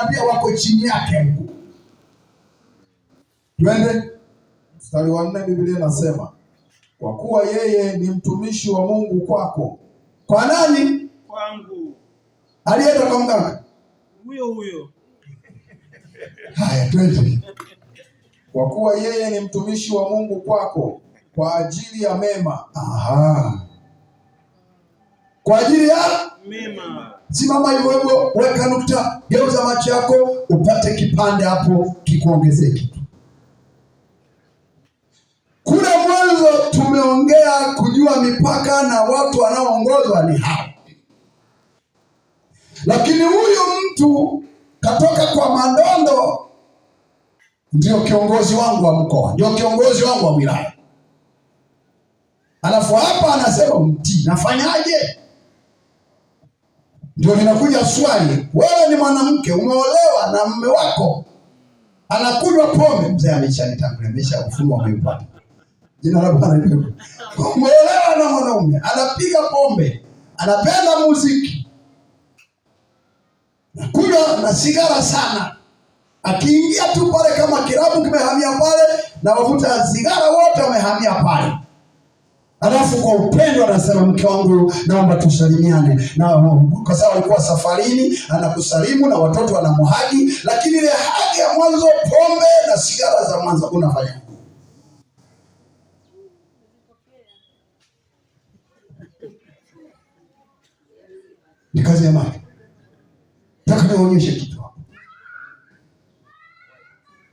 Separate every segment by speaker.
Speaker 1: aliyewaambia wako chini yake. Twende mstari wa nne, Biblia inasema kwa kuwa yeye ni mtumishi wa Mungu kwako. Kwa nani?
Speaker 2: Kwangu.
Speaker 1: Alienda kwa
Speaker 2: huyo huyo.
Speaker 1: Haya, twende. Kwa kuwa yeye ni mtumishi wa Mungu kwako kwa ajili ya mema. Aha. Kwa ajili ya
Speaker 2: mema
Speaker 1: Simama hivyo hivyo, weka nukta, geuza macho yako, upate kipande hapo kikuongezee kitu. Kule mwanzo tumeongea kujua mipaka na watu wanaoongozwa ni hao, lakini huyu mtu katoka kwa Mandondo, ndio kiongozi wangu wa mkoa, ndio kiongozi wangu wa wilaya, alafu hapa anasema mtii, nafanyaje? Ndio linakuja swali, wewe ni mwanamke umeolewa na mume wako anakunywa pombe. Mzee ameshanitangulia, amesha ufunuo Jina la Bwana lipo. Umeolewa na mwanaume anapiga pombe, anapenda muziki, nakunywa na sigara sana. Akiingia tu pale, kama kirabu kimehamia pale na wavuta sigara wote wamehamia pale Alafu kwa upendo anasema mke wangu, naomba tusalimiane, na kwa sababu alikuwa safarini, anakusalimu na watoto anamhagi, lakini ile hadi ya mwanzo, pombe na sigara za mwanzo unafanya ni kazi ya mama. Nataka nionyeshe kitu hapo.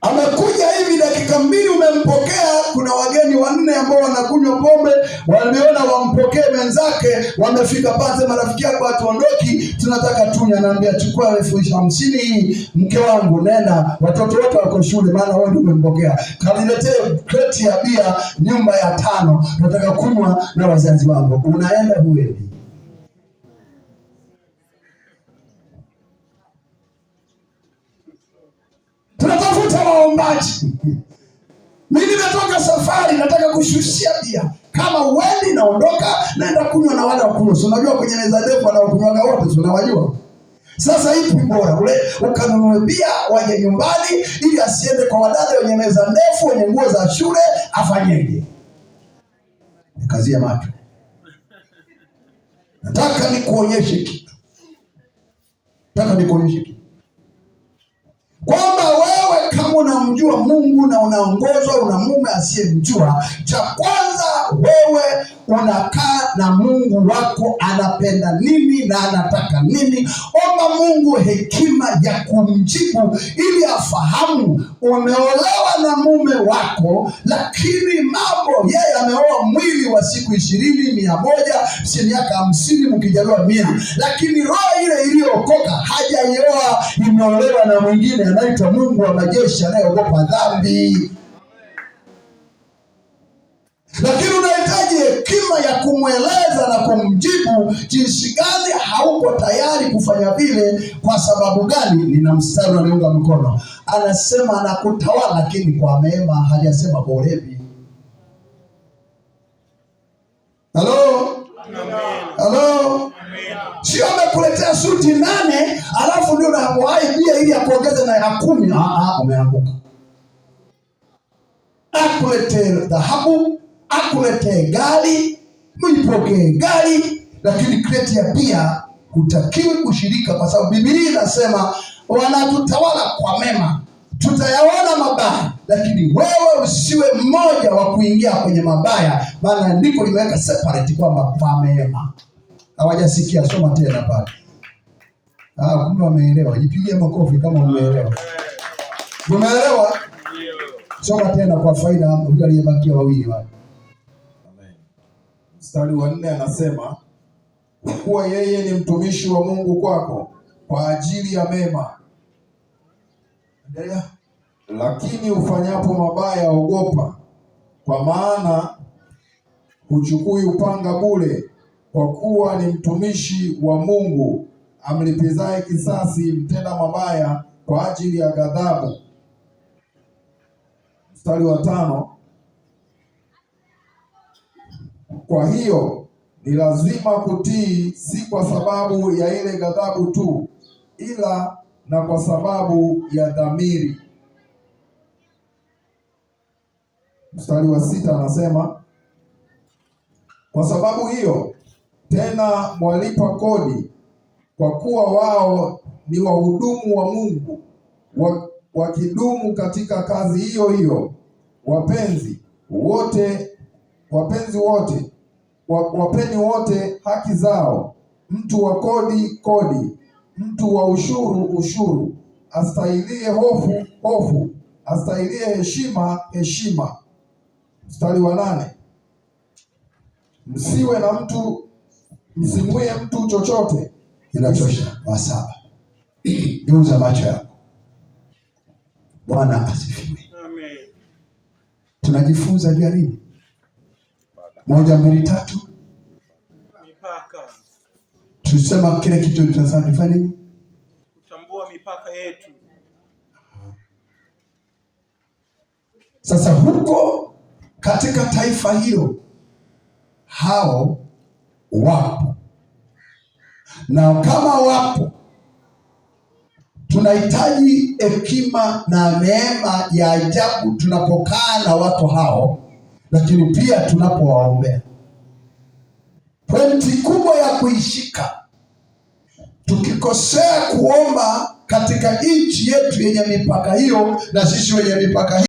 Speaker 1: Amekuja hivi dakika mbili, umempokea. Kuna wageni wanne ambao wanakunywa pombe waliona wampokee mwenzake, wamefika pate marafiki yako hatuondoki, tunataka tunya. Naambia chukua elfu hamsini hii, mke wangu, nenda, watoto wote wako shule, maana wewe ndio umempokea. Kaniletee kreti ya bia nyumba ya tano, nataka kunywa na wazazi wangu. Unaenda huendi tunatafuta waombaji mi nimetoka safari, nataka kushushia pia. Kama uendi, naondoka naenda kunywa na wale wakulu. Unajua kwenye meza ndefu wanaokunywaga wote, tunawajua. Sasa ipi bora, ule ukanunue bia waje nyumbani, ili asiende kwa wadada wenye meza ndefu, wenye nguo za shule? Afanyeje? Kazi macho. Nataka nikuonyeshe kitu, nataka nikuonyeshe kitu unaongozwa una mume asiyemjua, cha kwanza wewe unakaa na Mungu wako anapenda nini na anataka nini. Omba Mungu hekima ya kumjibu ili afahamu. Umeolewa na mume wako, lakini mambo yeye ameoa mwili wa siku ishirini, mia moja, si miaka hamsini, mkijaliwa mia, lakini roho ile iliyookoka hajaioa, imeolewa na mwingine anaitwa Mungu wa majeshi, anayeogopa dhambi, lakini hekima ya kumweleza na kumjibu jinsi gani hauko tayari kufanya vile. Kwa sababu gani? Nina mstari aliunga mkono, anasema anakutawala, lakini kwa mema, hajasema borebi. Halo, halo, sio amekuletea suti nane alafu ndio nawaibia ili akuongeze na ya kumi. Ah, ah, umeanguka, akuletee dhahabu akuletee gari, muipokee gari, lakini kreti ya pia hutakiwi kushirika, kwa sababu Biblia inasema wanatutawala kwa mema, tutayaona mabaya, lakini wewe usiwe mmoja wa kuingia kwenye mabaya, maana andiko limeweka separate kwamba pa mema. Hawajasikia, soma tena pale. Ah, kumbe wameelewa. Jipigie makofi kama umeelewa. Umeelewa? Soma tena kwa faida aliyebakia wawili wale mstari wa nne anasema kwa kuwa yeye ni mtumishi wa Mungu kwako kwa ajili ya mema. Endelea. Lakini ufanyapo mabaya ogopa, kwa maana huchukui upanga bure, kwa kuwa ni mtumishi wa Mungu amlipizaye kisasi mtenda mabaya kwa ajili ya ghadhabu. Mstari wa tano Kwa hiyo ni lazima kutii, si kwa sababu ya ile ghadhabu tu, ila na kwa sababu ya dhamiri. Mstari wa sita anasema kwa sababu hiyo tena mwalipa kodi, kwa kuwa wao ni wahudumu wa Mungu wakidumu katika kazi hiyo hiyo. Wapenzi wote, wapenzi wote wapeni wote haki zao, mtu wa kodi kodi, mtu wa ushuru ushuru, astahilie hofu hofu, astahilie heshima heshima. Mstari wa nane, msiwe na mtu msimwie mtu chochote kinachosha. Wa saba, geuza macho yako. Bwana asifiwe. Amen. Tunajifunza jaribu moja, mbili, tatu. Mipaka. tusema kile kitu tunasema tufanye
Speaker 2: kutambua mipaka yetu.
Speaker 1: Sasa huko katika taifa hilo hao wapo, na kama wapo, tunahitaji hekima na neema ya ajabu tunapokaa na watu hao lakini pia tunapowaombea. Pointi kubwa ya kuishika, tukikosea kuomba katika nchi yetu yenye mipaka hiyo, na sisi wenye mipaka hiyo